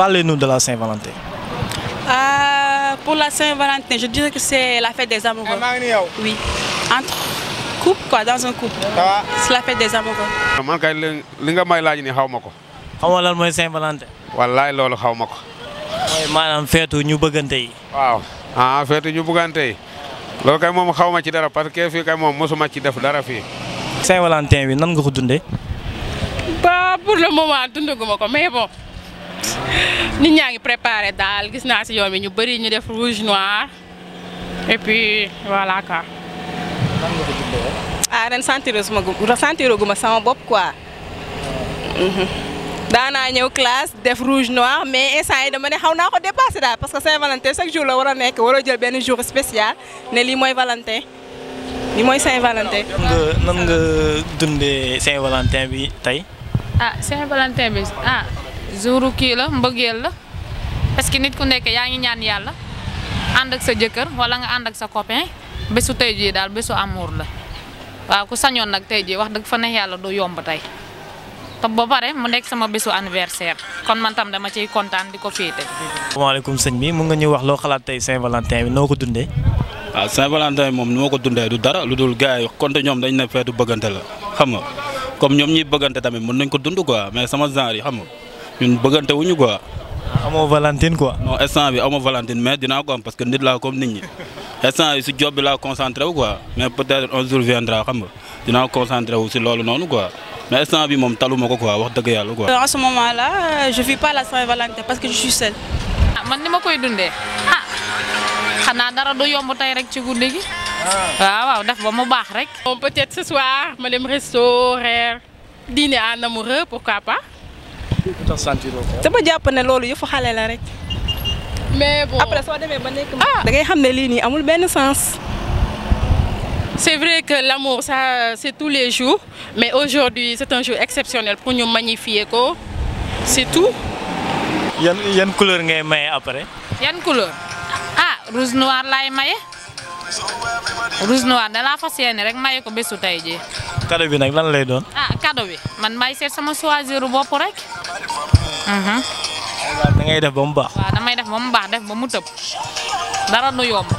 Parlez-nous de la Saint-Valentin. Euh, pour la Saint-Valentin, je dirais que c'est la fête des amoureux. Eh, oui, entre couple kay li nga may laaj ni xaw ma ko. xamoo lan mooy Saint-Valentin. wallaay loolu xaw ma ko. mooy maanaam feetu ñu bëggante yi. waaw ah feetu ñu bëggante yi loolu kay moom xaw ma ci dara parce que fii kay moom mosuma ci def dara fi Saint-Valentin bi nan nga ko dundee. ba pour le moment dundaguma ko mais bon. nit ñaa ngi préparé daal gis naa si yoon bi ñu bëri ñu def rouge noir et puis voilà quoi. ah ren sentir suma gu sentir gu ma sama bopp quoi. Mhm. daanaa ñëw classe def rouge noir mais instant yi dama ne xaw naa ko dépassé daal parce que Saint-Valentin chaque jour la war a nekk war a jël benn jour spécial ne lii mooy Valentin lii mooy Saint-Valentin. nga nan nga dundee Saint-Valentin bi tey. ah Saint-Valentin bi ah. jouru kii la mbëggeel la parce que nit ku nekkee yaa ngi ñaan yàlla ànd ak sa jëkkër walla nga ànd ak sa copain bésu tey jii daal bésu amour la waaw ku sañoon nag tey jii wax dëgg fa neex yàlla du yomb tey te ba pare mu nekk sama bésu anniversaire kon man tam dama ciy kontaan di ko féete. asalaamaaleykum sëñ bi mun nga ñuy wax loo xalaat tey Saint-Valentin bi noo ko dundee. waaw ah, Saint-Valentin moom nu ko dundee du dara lu dul gars yi konte ñoom dañ ne feetu bëggante la xam comme ñoom ñuy bëggante tamit mën nañ ko dund quoi mais sama genre yi xam nga. ñun bëggante wuñu quoi. amoo Valentine quoi. non instant bi amoo Valentine mais dinaa ko am parce que nit laa comme nit ñi instant yi si job bi laa concentré wu quoi peut-être un jour viendra xam nga dinaa concentré wu si loolu noonu quoi. mais instant bi moom taluma ko quoi wax dëgg yàlla quoi. en ce moment euh, je vis pas la Saint-Valentin parce que je suis seule. Ah, man ni ma koy dundee ah xanaa dara du yomb tey rek ci guddi gi. Ah. waaw waaw def ba mu baax rek. bon peut-être ce soir ma dem lu tax sentiroo ko. dama jàpp loolu yëfu xale la rek. mais bon soo demee ba nekk. ah da xam ne lii nii amul benn sens. C'est vrai que l'amour, sa c'est tous les jours, mais aujourd'hui, c'est un jour exceptionnel pour nous magnifier. C'est tout. Quelle couleur vous avez après Quelle couleur Ah, rouge noir, là, rouge noir da laa fas yéene rek maye ko bésu tey jii. cadeau bi nag lan lay doon. ah cadeau bi man may seet sama choisir bopp rek. Mhm. da ngay def ba mu baax. waaw damay def ba mu baax def ba mu tëb dara du yomb.